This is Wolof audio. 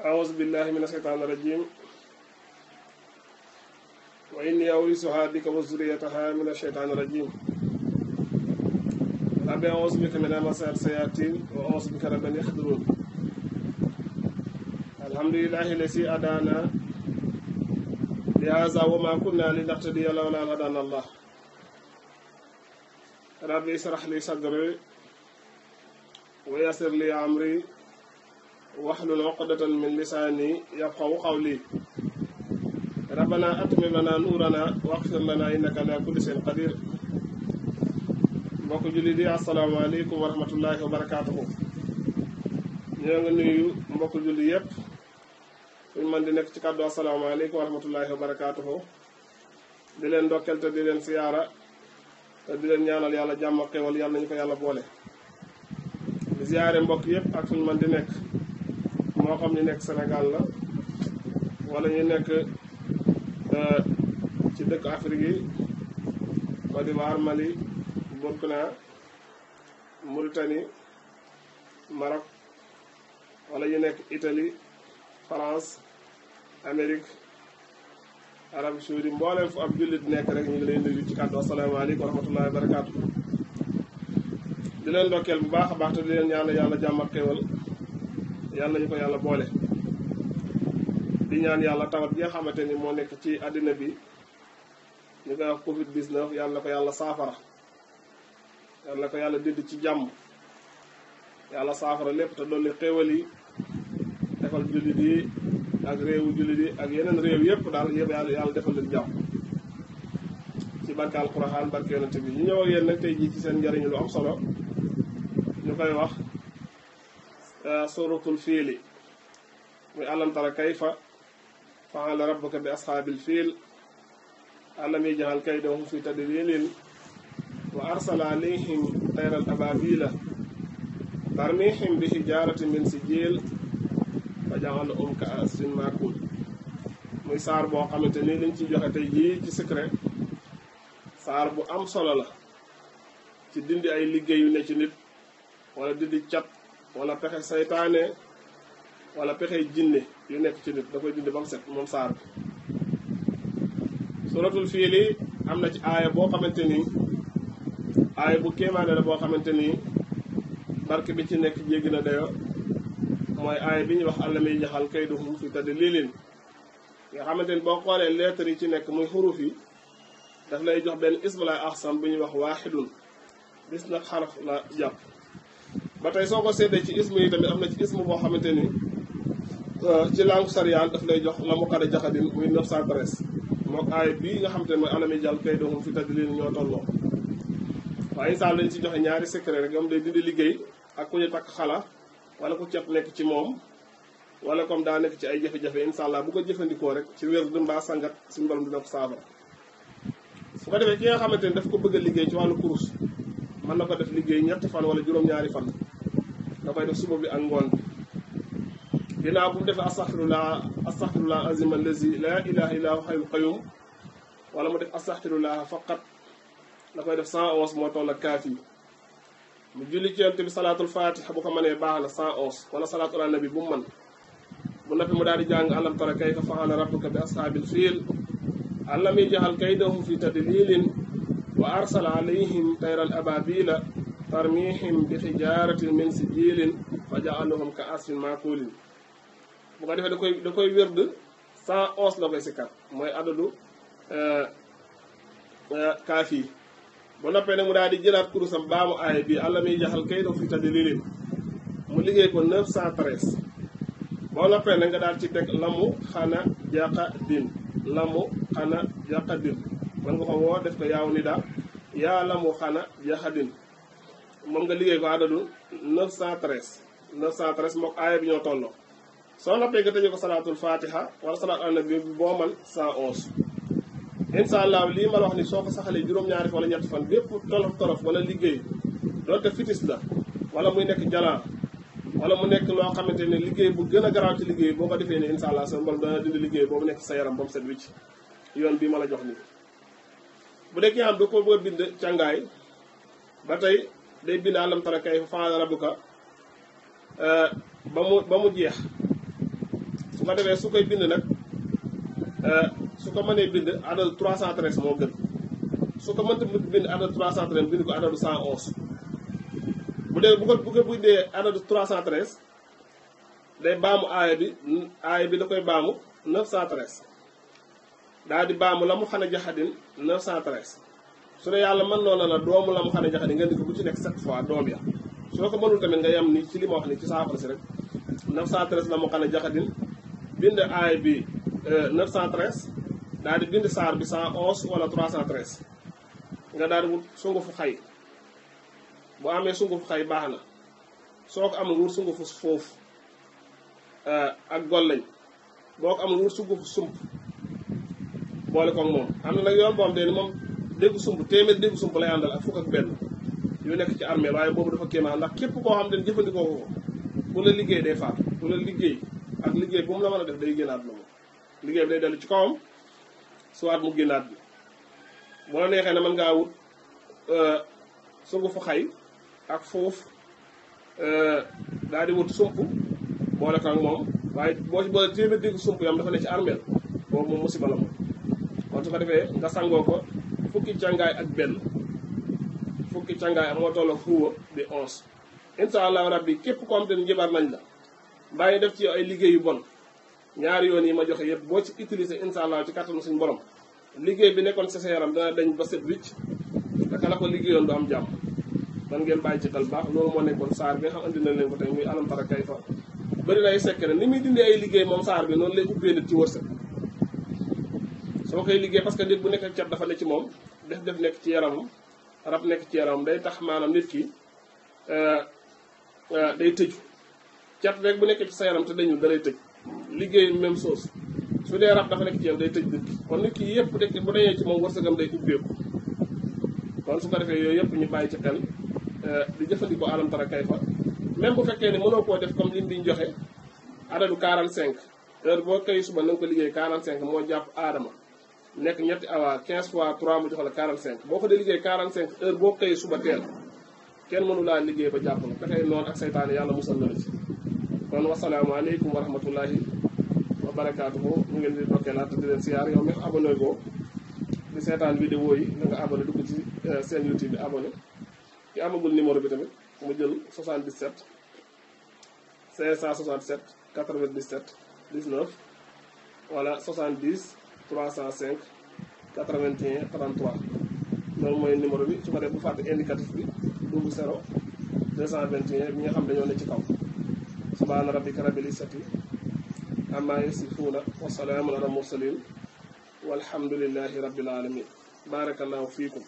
أعوذ بالله من الشيطان الرجيم وإني أورثها بك وذريتها من الشيطان الرجيم ربي أعوذ بك من مسار الشياطين وأعوذ بك رب أن يحضرون الحمد لله الذي أدانا لهذا وما كنا لنقتدي لولا أن هدانا الله ربي اشرح لي صدري ويسر لي أمري واحلل عقدة من لساني يفقه قولي ربنا أتمم لنا نورنا واغفر لنا إنك على كل شيء قدير mbokk jullit yi asalaamaaleykum wa rahmatullahi wa barakaatuhu ñoo ngi nuyu mbokk jullit yépp fuñ mën di nekk ci kàddu asalaamaaleykum wa rahmatullahi wa barakaatuhu di leen ndokkeel te di leen siyaara te di leen ñaanal yàlla jàmm ak xéwal yàlla nañu ko yàlla boole di mbokk yépp ak fuñ man di nekk moo xam ñu nekk Sénégal la wala ñu nekk euh, ci dëkk Afrique yi Côte Mali Burkina Mauritanie Maroc wala ñu nekk itali France Amérique Arabie Saoudi mbooleem fu ab jullit nekk rek ñu ngi lay nuyu ci kàddu asalaamaaleykum wa rahmatullahi wa barakaatu di leen ndokkeel bu baax a baax te di leen ñaanal yàlla jàmm ak yàlla ñu ko yàlla boole di ñaan yàlla tawat bi nga xamante ni moo nekk ci àddina bi ñu koy covid 19 yàlla ko yàlla saafara yàlla ko yàlla didd ci jàmm yàlla saafara lépp te dolli xéewal yi defal jullit yi ak réewu jullit yi ak yeneen réew yépp daal yëpp yàlla yàlla defal leen jàmm ci barke alquran barke yonente bi ñu ñëw ak yéen nag tey jii ci seen njariñ lu am solo ñu koy wax آه، سورة الفيل وألم ترى كيف فعل ربك بأصحاب الفيل ألم يجعل كيدهم في تدليل وأرسل عليهم طير الأبابيل ترميهم بحجارة من سجيل فجعلهم كأس مأكول muy saar boo xamante ni liñ ci joxe tey jii ci secret saar bu am solo la ci dindi ay ne ci nit wala dindi cat wala pexe saytaane wala pexe jinne yu nekk ci nit da koy dindi ba mu set moom saar bi suratul fiili am na ci aaya boo xamante ni aaya bu kéemaane la boo xamante ni barke bi ci nekk jéggi na dayo mooy aaya bi ñuy wax àlla may jaxal kay duhum fi taddi liilin nga xamante ni boo xoolee lettres yi ci nekk muy xuruf yi daf lay jox benn isbalay ahsam bu ñuy wax waaxidun bis nag xaraf la jàpp ba tey soo ko seetee ci ismu yi tamit am na ci ismu boo xamante ni euh, ci langue sariyaan daf lay jox la mu xare jaxadin muy 913 mook aay bi nga xamante ne mooy anami jàll kay doxum fi tadlin ñoo tolloo waaye insaan lañ ci joxe ñaari secret rek yoom day dindi liggéey ak ku ñu takk xala wala ku cet nekk ci moom wala comme daa nekk ci ay jafe-jafe incha allah bu ko jëfandikoo rek ci wér du mbaa sangat suñu mbalum dina ko saabara su ko defee ki nga xamante ni daf ko bëgg a liggéey ci wàllu kurus mën na ko def liggéey ñetti fan wala juróom-ñaari fan dafay def suba bi ak ngon bi ginnaaw bu def astaghfirullah astaghfirullah azim allazi la ilaha illa huwa xayyul qayyum wala mu def astaghfirullah faqat da koy def 111 moo toll ak kaafi mu julli ci yonent bi salaatul fatiha bu ko mané baax na 111 wala salatul nabi bu man bu nabi mu daal jàng alam tara kayfa faala rabbuka bi ashabil fil allami jahal kaydahum fi tadlilin wa arsala alayhim tayral ababila tarmihim bi tijarati min sijilin fa ja'aluhum ka asfin makulin bu ko defee da koy da koy werd sa os la koy sikat moy adadu eh, eh, kafi bu noppee nak mu daal jëlat jëlaat kurusam baamu ay bi àlla mi jaxal kay do fi tadlilin mu liggé ko 913 bo noppee nak nga dal ci tek lamu khana jaqa din lamu khana jaqa din man nga ko wo def ko yaaw ni da ya lamu khana jaqa din moom nga liggéey ko adadu 913 913 mook aaya bi ñoo tolloo soo noppee nga tëjee ko salaatul fatiha wala salaatu ala nabi bi boo man 111 incha allah lii ma la wax ni soo ko saxalee juróom-ñaari fan wala ñetti fan bépp tolof tolof wala liggéey doonte fitis la wala muy nekk jalaa wala mu nekk loo xamante ne liggéey bu gën a garaaw ci liggéey boo ko defee ni incha allah sa mbal dana dindi liggéey boobu nekk sa yaram ba mu set yoon bii ma la jox nii bu dee ki ko bëgg a bind càngaay day bind alam tara kayfa fa'ala rabbuka euh, ba mu ba mu jeex su ko defee su koy bind nag euh, su ko mënee bind cent 313 moo gën su ko mënta bind adadu 313 bind ko adadu 111 bu dee bu ko bu ko bindee adadu 313 day baamu aaya bi aaya bi da koy baamu 913 daal di baamu la mu xana jaxadin 913 su ne yàlla mën loo na la doomu lam xane jaxane nga dikk bu ci nekk chaque fois doom ya soo ko mënul tamit nga yem ni ci li ma wax ni ci saafara si rek 913 la mu xane jaxadin bind aay bi 913 euh, daal di bind saar bi 111 wala 313 nga daal di wut sungufu xay boo amee sungufu xay baax na soo ko amul wut sungufu foofu euh, ak gollañ boo ko amul wut sungufu sump boole koog moom am na la yoon boo xam te moom déggu sumb téeméer déggu sumb lay àndal ak fukk ak benn yu nekk ci armée waaye boobu dafa kéemaan ndax képp koo xam ne jëfandikoo ko ku la liggéey day faat ku la liggéey ak liggéey bu mu la mën a def day génnaat la moom liggéey bi day dellu ci kawam soit mu génnaat bi bu la neexee ne man ngaa wut euh, sungu xay ak foofu euh, daal di wut sump boole ko moom waaye boo ci boole téeméer déggu sump yam dafa ne ci armée boobu moom musiba la moom kon su defee nga sangoo ko fukki càngaay ak benn fukki càngaay ak moo tolloog xuuwa di onze incha allah rabbi képp ko am te ne njibar nañ la mbaa ñu def ci ay liggéey yu bon ñaari yoon yi ma joxe yëpp boo ci utiliser incha allah ci kattanu suñu borom liggéey bi nekkoon sa yaram dana dañ ba set wicc naka la ko liggéeyoon du am jàmm man ngeen bàyyi ci xel baax loolu moo nekkoon saar bi xam andi na leen ko tey muy alam tara kayfa bëri na ay secret ni muy dindee ay liggéey moom saar bi noonu lay ubbee nit ci wërsëg soo koy ci moom def def nekk ci yaramam rab nekk ci yaramam day tax maanaam nit ki euh, euh, day tëju cat rek bu nekkee ci sa yaram te dañu da lay tëj liggéey même soos su dee rab dafa nekk ci yow day tëj nit ki kon nit ki yëpp dekk bu dañee ci moom wërsëgam day ubbeeku kon su ko defee yooyu yëpp ñu bàyyi ci xel euh, di jëfandikoo alam tara kay fa même bu fekkee ne mënoo koo def comme lii di ñu joxe adadu 45 heure boo koy suba na nga ko liggéey 45 moo jàpp aadama nekk ñetti awa 15 fois 3 mu jox la 45 boo ko dee liggéey 45 heure boo xëyee suba teel kenn mënu laa liggéey ba jàpp la pexey noonu ak seytaane yàlla musal na la ci kon wasalaamaaleykum wa rahmatullahi wa barakaatuhu ñu ngeen di dokkeelaat di leen siyaar yow mi abonné goo di seetaan vidéo yi na nga abonné ci euh, seen youtube bi abonné ki amagul numéro bi tamit mu jël 77 567 97 19 wala 70 305 81 33 loolu mooy numéro bi ci ma def bu fàtte indicatif bi double zéro 221 bi nga xam dañoo ne ci kaw subhaana rabbika rabbil izzati amma yasifuuna wa salaamun ala mursalin walhamdulillahi rabbil alamin barakallahu fiikum